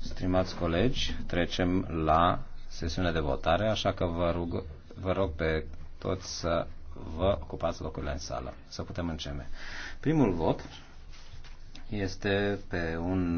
Stimați colegi, trecem la sesiunea de votare, așa că vă, rug, vă rog pe toți să vă ocupați locurile în sală, să putem începe. Primul vot este pe un